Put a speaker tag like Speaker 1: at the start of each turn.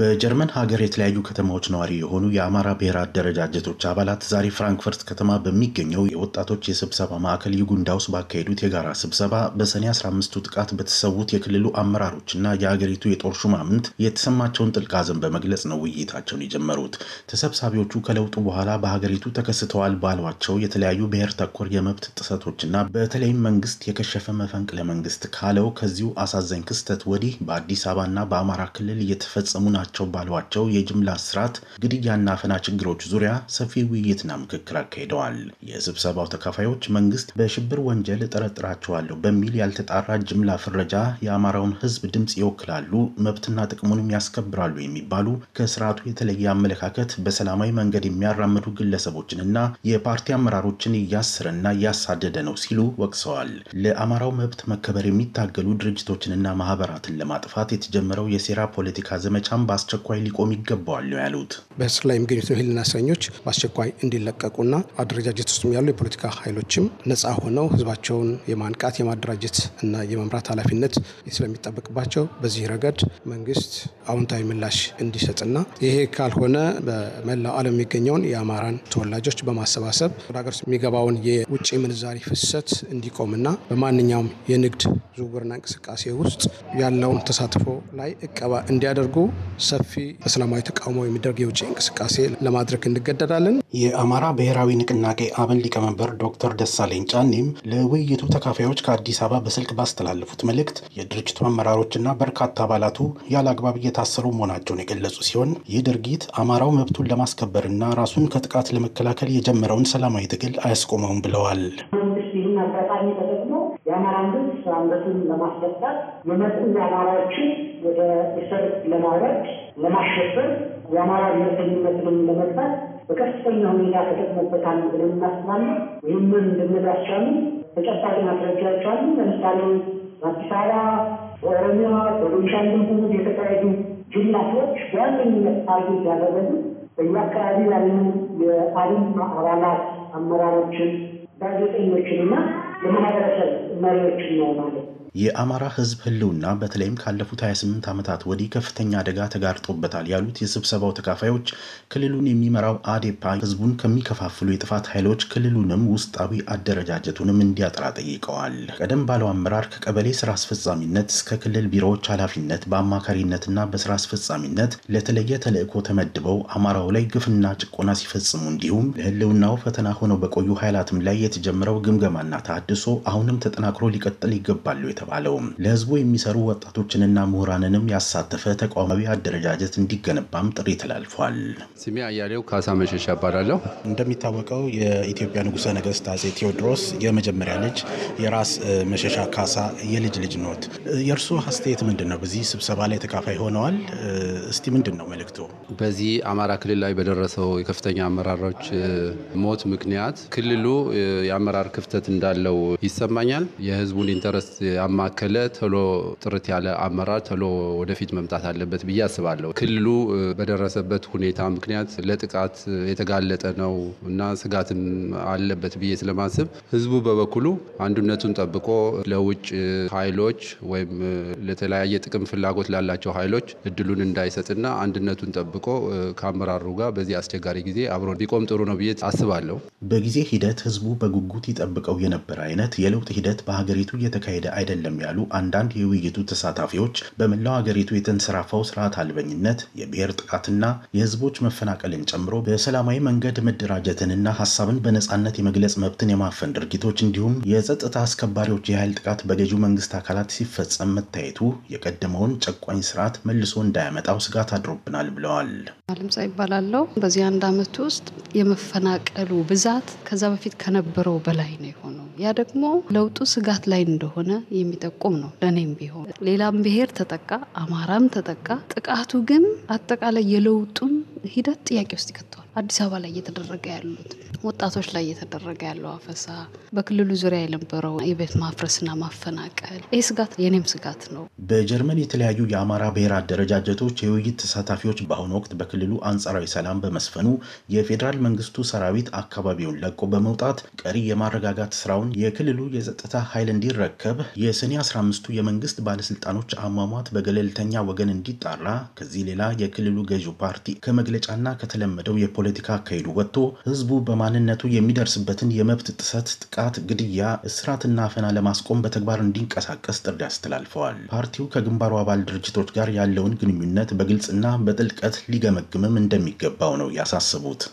Speaker 1: በጀርመን ሀገር የተለያዩ ከተማዎች ነዋሪ የሆኑ የአማራ ብሔር አደረጃጀቶች አባላት ዛሬ ፍራንክፈርት ከተማ በሚገኘው የወጣቶች የስብሰባ ማዕከል ይጉንዳውስ ባካሄዱት የጋራ ስብሰባ በሰኔ 15ቱ ጥቃት በተሰዉት የክልሉ አመራሮችና የሀገሪቱ የጦር ሹማምንት የተሰማቸውን ጥልቅ ሐዘን በመግለጽ ነው ውይይታቸውን የጀመሩት። ተሰብሳቢዎቹ ከለውጡ በኋላ በሀገሪቱ ተከስተዋል ባሏቸው የተለያዩ ብሔር ተኮር የመብት ጥሰቶችና በተለይም መንግስት የከሸፈ መፈንቅለ መንግስት ካለው ከዚሁ አሳዛኝ ክስተት ወዲህ በአዲስ አበባና በአማራ ክልል እየተፈጸሙ ናቸው ናቸው ባሏቸው የጅምላ ስርዓት ግድያና አፈና ችግሮች ዙሪያ ሰፊ ውይይትና ምክክር አካሂደዋል። የስብሰባው ተካፋዮች መንግስት በሽብር ወንጀል እጠረጥራቸዋለሁ በሚል ያልተጣራ ጅምላ ፍረጃ የአማራውን ህዝብ ድምፅ ይወክላሉ፣ መብትና ጥቅሙንም ያስከብራሉ የሚባሉ ከስርዓቱ የተለየ አመለካከት በሰላማዊ መንገድ የሚያራምዱ ግለሰቦችንና የፓርቲ አመራሮችን እያስረና እያሳደደ ነው ሲሉ ወቅሰዋል። ለአማራው መብት መከበር የሚታገሉ ድርጅቶችንና ማህበራትን ለማጥፋት የተጀመረው የሴራ ፖለቲካ ዘመቻም በአስቸኳይ ሊቆም ይገባዋል ነው ያሉት። በእስር ላይ የሚገኙት የህሊና እስረኞች በአስቸኳይ እንዲለቀቁና አደረጃጀት ውስጥም ያሉ የፖለቲካ ኃይሎችም ነፃ ሆነው ህዝባቸውን የማንቃት የማደራጀት እና የመምራት ኃላፊነት ስለሚጠበቅባቸው በዚህ ረገድ መንግስት አዎንታዊ ምላሽ እንዲሰጥና ይሄ ካልሆነ በመላው ዓለም የሚገኘውን የአማራን ተወላጆች በማሰባሰብ ወደ ሀገር የሚገባውን የውጭ ምንዛሪ ፍሰት እንዲቆምና በማንኛውም የንግድ ዝውውርና እንቅስቃሴ ውስጥ ያለውን ተሳትፎ ላይ እቀባ እንዲያደርጉ ሰፊ እስላማዊ ተቃውሞ የሚደረግ የውጭ እንቅስቃሴ ለማድረግ እንገደዳለን። የአማራ ብሔራዊ ንቅናቄ አብን ሊቀመንበር ዶክተር ደሳለኝ ጫኔም ለውይይቱ ተካፋዮች ከአዲስ አበባ በስልክ ባስተላለፉት መልእክት የድርጅቱ አመራሮችና በርካታ አባላቱ ያለ አግባብ እየታሰሩ መሆናቸውን የገለጹ ሲሆን ይህ ድርጊት አማራው መብቱን ለማስከበርና ራሱን ከጥቃት ለመከላከል የጀመረውን ሰላማዊ ትግል አያስቆመውም ብለዋል።
Speaker 2: መንግስት አንገቱን ለማስደፋት የመጡ አማራዎችን ወደ እስር ለማውረድ ለማሸበር የአማራ ብሔርተኝነትንም ለመግታት በከፍተኛ ሁኔታ ተጠቅሞበታል ብለን እናስባለን። ይህንን እንድንል ያስቻሉ ተጨባጭ ማስረጃዎች አሉ። ለምሳሌ በአዲስ አበባ፣ በኦሮሚያ፣ በቤንሻንጉል ጉሙዝ የተካሄዱ ጅላቶች በዋነኝነት ታርጌት ያደረጉ በየአካባቢ ያሉ የአሊም አባላት አመራሮችን፣ ጋዜጠኞችንና no me madre.
Speaker 1: የአማራ ህዝብ ህልውና በተለይም ካለፉት 28 ዓመታት ወዲህ ከፍተኛ አደጋ ተጋርጦበታል ያሉት የስብሰባው ተካፋዮች ክልሉን የሚመራው አዴፓ ህዝቡን ከሚከፋፍሉ የጥፋት ኃይሎች ክልሉንም ውስጣዊ አደረጃጀቱንም እንዲያጠራ ጠይቀዋል። ቀደም ባለው አመራር ከቀበሌ ስራ አስፈጻሚነት እስከ ክልል ቢሮዎች ኃላፊነት በአማካሪነትና በስራ አስፈጻሚነት ለተለየ ተልዕኮ ተመድበው አማራው ላይ ግፍና ጭቆና ሲፈጽሙ እንዲሁም ለህልውናው ፈተና ሆነው በቆዩ ኃይላትም ላይ የተጀመረው ግምገማና ተሃድሶ አሁንም ተጠናክሮ ሊቀጥል ይገባሉ የተባለው ለህዝቡ የሚሰሩ ወጣቶችንና ምሁራንንም ያሳተፈ ተቋማዊ አደረጃጀት እንዲገነባም ጥሪ ተላልፏል። ስሜ አያሌው ካሳ መሸሻ እባላለሁ። እንደሚታወቀው የኢትዮጵያ ንጉሠ ነገሥት አጼ ቴዎድሮስ የመጀመሪያ ልጅ የራስ መሸሻ ካሳ የልጅ ልጅ ኖት። የእርሱ አስተያየት ምንድን ነው? በዚህ ስብሰባ ላይ ተካፋይ ሆነዋል። እስቲ
Speaker 3: ምንድን ነው መልእክቶ? በዚህ አማራ ክልል ላይ በደረሰው የከፍተኛ አመራሮች ሞት ምክንያት ክልሉ የአመራር ክፍተት እንዳለው ይሰማኛል። የህዝቡን ኢንተረስት ያማከለ ቶሎ ጥርት ያለ አመራር ቶሎ ወደፊት መምጣት አለበት ብዬ አስባለሁ። ክልሉ በደረሰበት ሁኔታ ምክንያት ለጥቃት የተጋለጠ ነው እና ስጋትም አለበት ብዬ ስለማስብ ህዝቡ በበኩሉ አንዱነቱን ጠብቆ ለውጭ ኃይሎች ወይም ለተለያየ ጥቅም ፍላጎት ላላቸው ኃይሎች እድሉን እንዳይሰጥና አንድነቱን ጠብቆ ከአመራሩ ጋር በዚህ አስቸጋሪ ጊዜ አብሮ ቢቆም ጥሩ ነው ብዬ አስባለሁ።
Speaker 1: በጊዜ ሂደት ህዝቡ በጉጉት ይጠብቀው የነበረ አይነት የለውጥ ሂደት በሀገሪቱ እየተካሄደ አይደለም አይደለም ያሉ አንዳንድ የውይይቱ ተሳታፊዎች በመላው አገሪቱ የተንሰራፋው ስርዓት አልበኝነት የብሔር ጥቃትና የህዝቦች መፈናቀልን ጨምሮ በሰላማዊ መንገድ መደራጀትንና ሀሳብን በነጻነት የመግለጽ መብትን የማፈን ድርጊቶች እንዲሁም የጸጥታ አስከባሪዎች የኃይል ጥቃት በገዢው መንግስት አካላት ሲፈጸም መታየቱ የቀደመውን ጨቋኝ ስርዓት መልሶ እንዳያመጣው ስጋት አድሮብናል ብለዋል።
Speaker 3: አለምጻ ይባላለው። በዚህ አንድ አመት ውስጥ የመፈናቀሉ ብዛት ከዛ በፊት ከነበረው በላይ ነው የሆነ ያ ደግሞ ለውጡ ስጋት ላይ እንደሆነ የሚጠቁም ነው። ለእኔም ቢሆን ሌላም ብሄር ተጠቃ፣ አማራም ተጠቃ፣ ጥቃቱ ግን አጠቃላይ የለውጡን ሂደት ጥያቄ ውስጥ ይከተዋል። አዲስ አበባ ላይ እየተደረገ ያሉት ወጣቶች ላይ እየተደረገ ያለው አፈሳ፣ በክልሉ ዙሪያ የነበረው የቤት ማፍረስና ማፈናቀል፣ ይህ ስጋት የኔም ስጋት ነው።
Speaker 1: በጀርመን የተለያዩ የአማራ ብሔር አደረጃጀቶች የውይይት ተሳታፊዎች በአሁኑ ወቅት በክልሉ አንጻራዊ ሰላም በመስፈኑ የፌዴራል መንግስቱ ሰራዊት አካባቢውን ለቆ በመውጣት ቀሪ የማረጋጋት ስራውን የክልሉ የጸጥታ ኃይል እንዲረከብ የሰኔ 15ቱ የመንግስት ባለስልጣኖች አሟሟት በገለልተኛ ወገን እንዲጣራ ከዚህ ሌላ የክልሉ ገዢው ፓርቲ ከመግለጫና ከተለመደው የፖለ ከፖለቲካ አካሄዱ ወጥቶ ህዝቡ በማንነቱ የሚደርስበትን የመብት ጥሰት፣ ጥቃት፣ ግድያ፣ እስራትና አፈና ለማስቆም በተግባር እንዲንቀሳቀስ ጥሪ አስተላልፈዋል። ፓርቲው ከግንባሩ አባል ድርጅቶች ጋር ያለውን ግንኙነት በግልጽና በጥልቀት ሊገመግምም እንደሚገባው ነው ያሳስቡት።